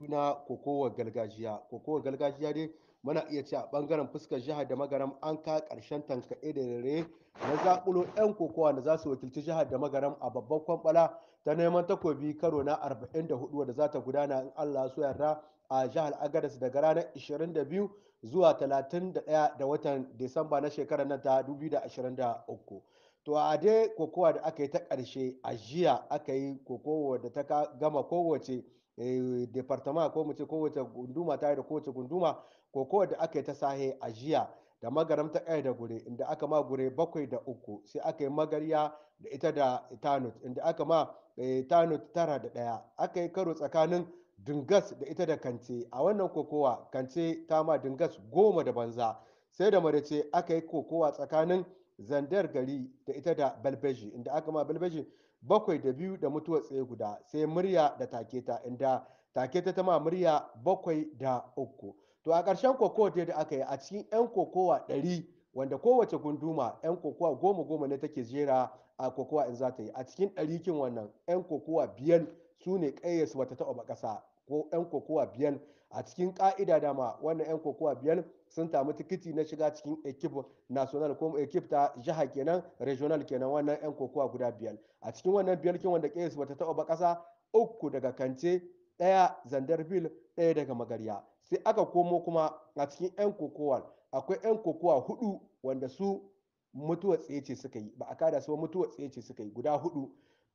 suna kokowar gargajiya kokowar gargajiya dai muna iya ci a bangaren fuskar jihar da magaram an ka karshen tanka da rere na zakulo 'yan kokowa da za su wakilci jihar da magaram a babban kwamfala ta neman takobi karo na 44 wadda za ta gudana in allah su yarda a jihar agadas daga ranar 22 zuwa 31 da watan disamba na shekarar nan ta 2023 to a dai kokowa da aka yi ta karshe a jiya aka yi kokowa da ta gama kowace Eh, departama ko mu ce kowace gunduma ta yi da kowace gunduma ko kowace da aka yi ta sahe a jiya da magaram ta ɗaya da gure inda aka ma gure bakwai da uku sai aka yi magarya da ita da tanut inda aka ma eh, tanut tara da ɗaya aka yi karo tsakanin dingas da ita da kance a wannan kokowa kance ta ma dingas goma da banza sai da marace aka yi kokowa tsakanin zandar gari da ita da balbeji inda aka ma balbeji bakwai da biyu da mutuwar tsaye guda sai murya da taketa inda taketa ta ma murya bakwai da uku to a ƙarshen kokowa da aka yi a cikin 'yan kokowa ɗari wanda kowace gunduma 'yan kokowa goma goma ne take jera a kokowa in za ta yi a cikin ɗari kin wannan 'yan kokowa biyar su ne ƙayyas wata taɓa ƙasa 'yan kokowa biyan a cikin ka'ida dama wannan 'yan kokowa biyan sun tamu tikiti na shiga cikin ekip national ko ekip ta jiha kenan regional kenan wannan 'yan kokowa guda biyan a cikin wannan biyar kin wanda KS bata taɓa ba kasa uku daga kance ɗaya zanderville ɗaya daga magarya sai aka komo kuma a cikin 'yan kokowa akwai 'yan kokowa hudu wanda su mutuwa tsaye ce suka yi ba a kada su mutuwa tsaye ce suka yi guda hudu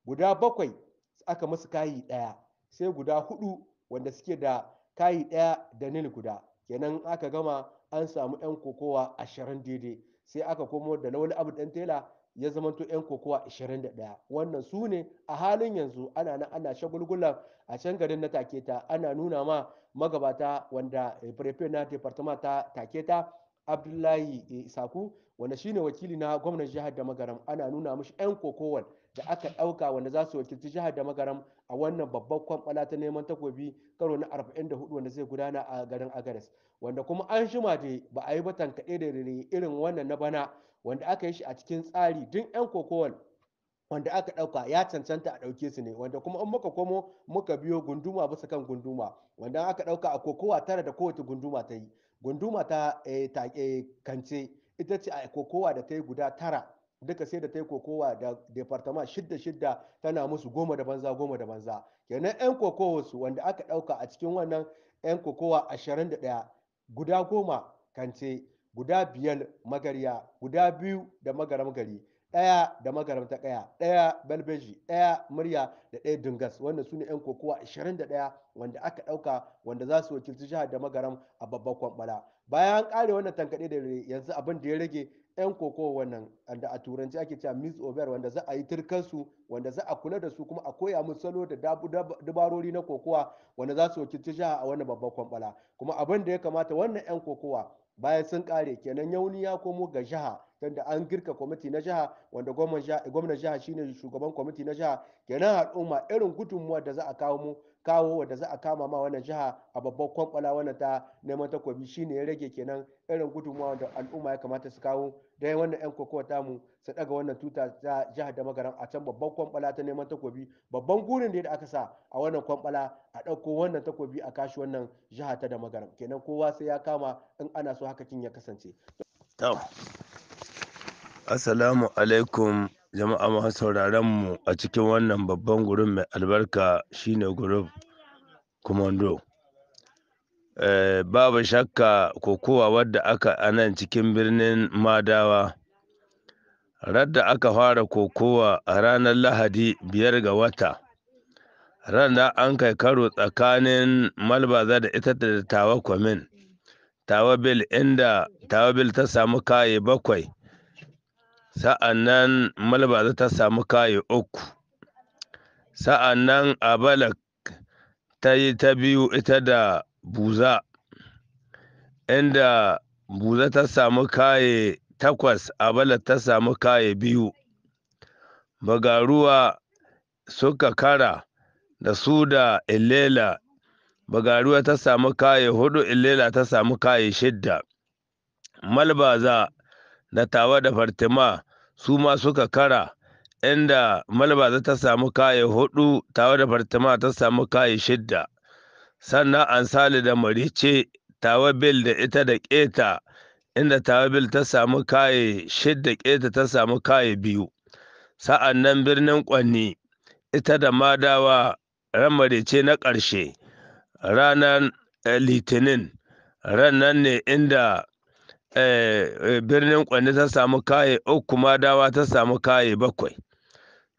guda bakwai aka musu kayi ɗaya sai guda hudu wanda suke da kayi ɗaya da nil guda kenan aka gama an samu 'yan kokowa ashirin daidai sai aka komo da lawal abu ɗan tela ya zamanto 'yan kokowa 21 wannan su ne a halin yanzu ana nan ana shagulgula a can garin na taketa ana nuna ma magabata wanda eh, prefect na department ta taketa abdullahi eh, Saku wanda shine wakili na gwamnan jihar da magaram ana nuna mishi 'yan kokowar da aka ɗauka wanda za su wakilci jihar da magaram a wannan babban kwamfala ta neman takobi karo na 44 wanda zai gudana a garin agares wanda kuma an shima da ba a yi ba tankaɗe da irin wannan na bana wanda aka yi shi a cikin tsari tun 'yan kokowal wanda aka ɗauka ya cancanta a ɗauke su ne wanda kuma an muka komo muka biyo gunduma bisa kan gunduma wanda aka ɗauka a kokowa tara da kowace gunduma ta yi gunduma ta eh, eh, kance ita ce a kokowa da ta yi guda tara duka sai da ta yi kokowa da departama shidda shidda tana musu goma da banza goma da banza kenan yan kokowa su wanda aka ɗauka a cikin wannan yan kokowa ashirin da ɗaya guda goma kance guda biyar magarya guda biyu da magaram gari ɗaya da ta ƙaya ɗaya belbeji ɗaya murya da ɗaya dungas wannan su ne 'yan kokowa 21 wanda aka ɗauka wanda za su wakilci jihar da magaram a babban kwambala bayan an ƙare wannan tankaɗe da yanzu abin da ya rage 'yan kokowa wannan da a turanci ake cewa miss over wanda za a yi turkansu wanda za a kula da su kuma a koya musu salo da dabarori na kokowa wanda za su wakilci jiha a wannan babban kwambala kuma abin da ya kamata wannan 'yan kokowa bayan sun kare kenan yauni ya komo ga jiha tunda an girka kwamiti na jiha wanda gwamnan jiha shine shugaban kwamiti na jiha kenan al'umma irin gudunmuwa da za a kawo mu kawo wanda za a kama ma wannan jiha a babban kwamfala wanda ta neman takobi shine ya rage kenan irin gudunmawa da al'umma ya kamata su kawo da wannan yan kokowa mu su daga wannan tuta ta jihar da magaran a can babban kwamfala ta neman takobi babban gurin da aka sa a wannan kwamfala a ɗauko wannan takobi a kashi wannan jiha ta da magaran kenan kowa sai ya kama in ana so haka kin ya kasance. Assalamu alaikum jama'a masu sauraron mu a cikin wannan babban gurin mai albarka shine group commando eh, babu shakka kokowa wadda aka anan cikin birnin madawa radda aka fara kokowa a ranar lahadi biyar ga wata ranar an kai karo tsakanin malbaza da ita da tawa kwamin bil inda bil ta samu kaye bakwai sa'annan za ta samu kayi uku sa'annan abalak ta yi ta biyu ita da buza inda buza ta samu kaye takwas abalak ta samu kaye biyu bagaruwa suka kara da su da illela bagaruwa ta samu kaye hudu illela ta samu kaye shidda malbaza da tawa da fartima su ma suka kara inda malbaza ta samu kaye hudu tawa da fartima ta samu kaye shidda sannan ansali da marice tawa bil da ita da keta inda tawa bil ta samu kaye shidda keta ta samu kaye biyu sa'an nan birnin kwanni ita da madawa ran marice na ƙarshe ranar eh, litinin ran nan ne inda Eh, eh, birnin kwanne ta samu kaye uku madawa ta samu kaye bakwai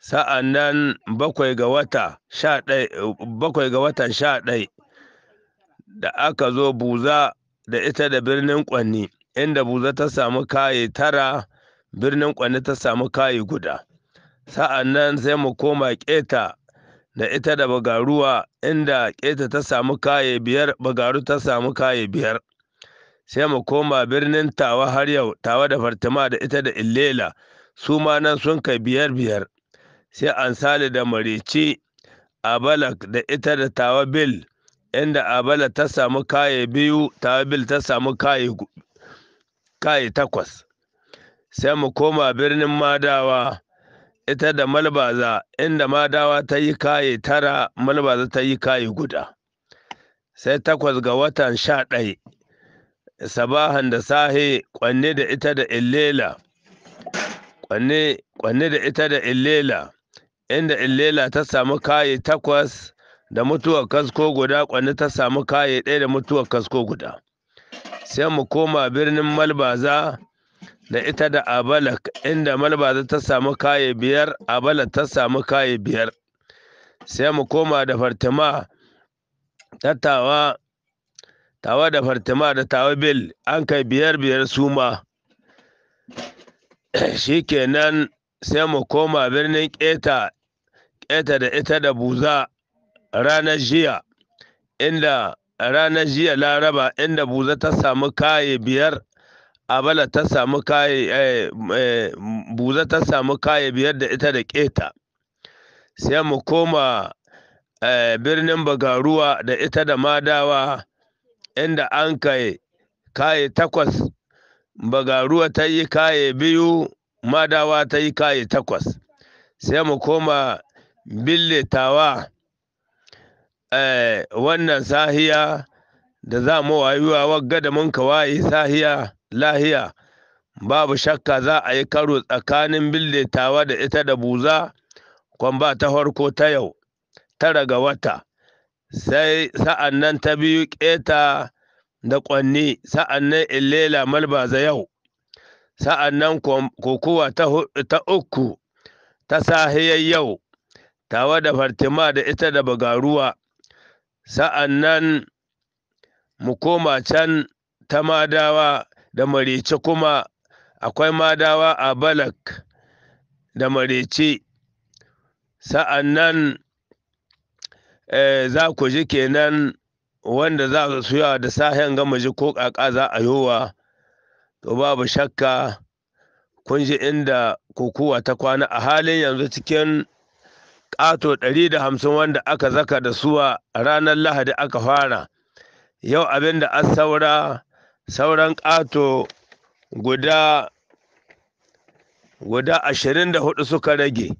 sa'an nan bakwai ga wata sha bakwai ga watan sha ɗai da aka zo buza da ita da birnin kwanne inda buza ta samu kaye tara birnin kwanne ta samu kaye guda sa'an nan sai mu koma ƙeta da ita da bagaruwa inda ƙeta ta samu kaye biyar bagaru ta samu kaye biyar sai mu koma birnin tawa har yau tawa da fartima da ita da illela su ma nan sun kai biyar biyar sai ansali da marici abalak da ita da tawa bil inda abala ta samu kaye biyu tawa bil ta samu kaye takwas sai mu koma birnin madawa ita da malbaza inda madawa ta yi kaye tara malbaza ta yi kaye guda sai takwas ga watan sha ɗaya sabahan da sahe kwanne da ita da illela kwanne kwanne da ita da illela inda illela ta samu kaye takwas da mutuwar kasko guda kwanne ta samu kaye ɗaya da mutuwar kasko guda sai mu koma birnin malbaza da ita da abalak inda malbaza ta samu kaye biyar abalak ta samu kaye biyar sai mu koma da fartima tattawa tawa da fartima da tawa bil an kai biyar biyar suma shikenan sai mu koma birnin keta keta da ita da buza ranar jiya inda ranar jiya laraba inda buza ta samu kaye biyar abala ta samu kaye eh, eh, buza ta samu kaye biyar da ita da keta sai mu koma eh, birnin bagaruwa da ita da madawa inda an kai kaye takwas bagaruwa ta yi kaye biyu madawa ta yi kaye takwas sai mu koma billetawa eh, wannan sahiya da za mu wayuwa wagga da mun kawaye sahiya lahiya babu shakka za a yi karo tsakanin billetawa da ita da buza kwan ba ta farko ta yau tara ga wata sai sa'an nan ta biyu ƙeta da ƙwanni sa'an nan illela malbaza yau sa'an nan kokowa ta uku ta sahiyar yau tawa da fartima da ita da bagaruwa sa'an nan mu koma can ta madawa da marici kuma akwai madawa a balak da marece sa'an nan Eh, za ku ji kenan wanda za su yawa da sahen gama ji ko ƙaƙa za a yowa to babu shakka kun ji inda kukuwa ta kwana a halin yanzu cikin ƙato ɗari da hamsin wanda aka zaka da suwa ranar lahadi aka fara yau abin da an saura sauran ƙato guda guda ashirin da hudu suka rage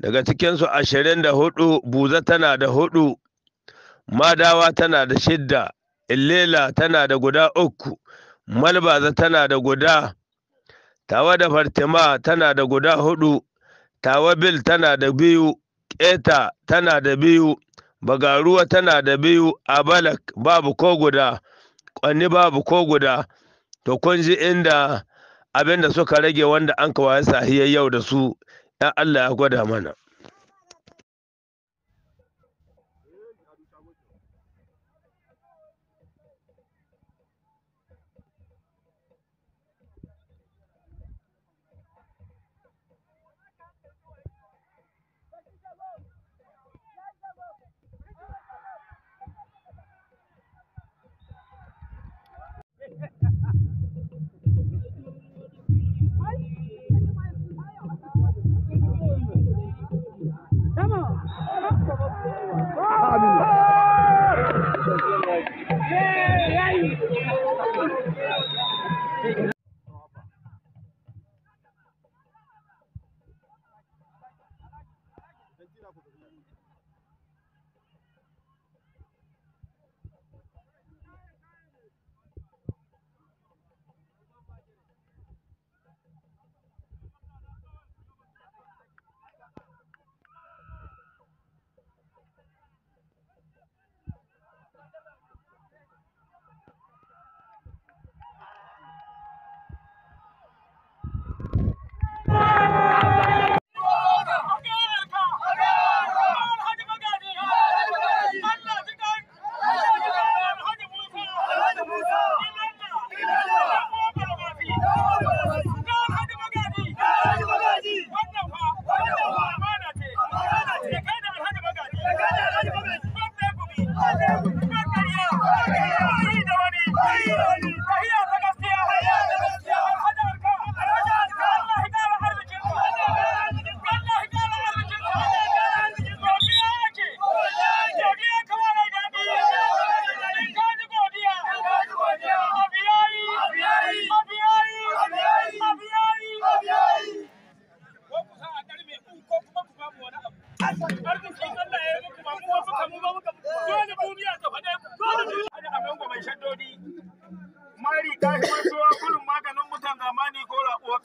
daga cikinsu ashirin da hudu buza tana da hudu madawa tana da shidda illela tana da guda uku malbaza tana da guda tawa da fartima tana da guda hudu tawa bil tana da biyu ƙeta tana da biyu bagaruwa tana da biyu abalak babu ko guda kwanni babu ko guda to kun ji inda abinda suka rage wanda an kawai sahiyar yau da su Allah ya gwada mana.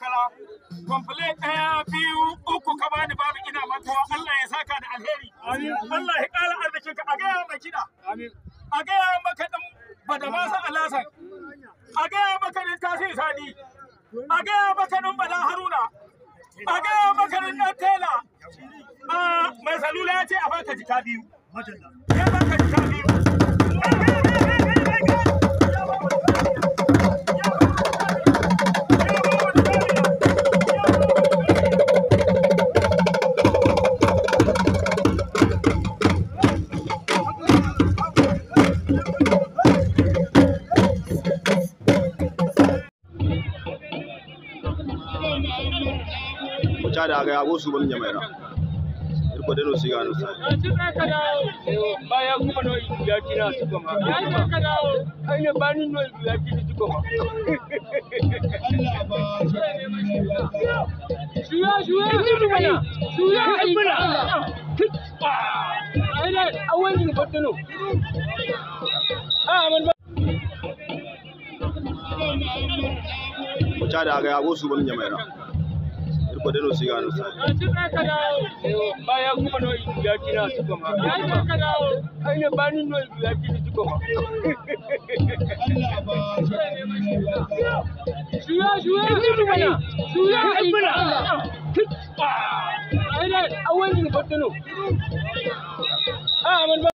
madara kwamfule ɗaya biyu uku ka bani babu ina matawa? Allah ya saka da alheri Allah ya ƙara arzikin ka a gaya mai kiɗa a gaya maka ɗan badamasa alasan a gaya maka ɗan tasiri sani a gaya maka ɗan bala haruna a gaya maka ɗan ɗan tela ah, mai salula ya ce a baka jika biyu ya baka jika biyu ಹಾಗೂ ಸುಬ್ರಹ್ಮಣ್ಯ Mera da ya su godano siga baya kuma no yaki na tuko ma ai ne bani yaki na kina ma shuya shuya shuya shuya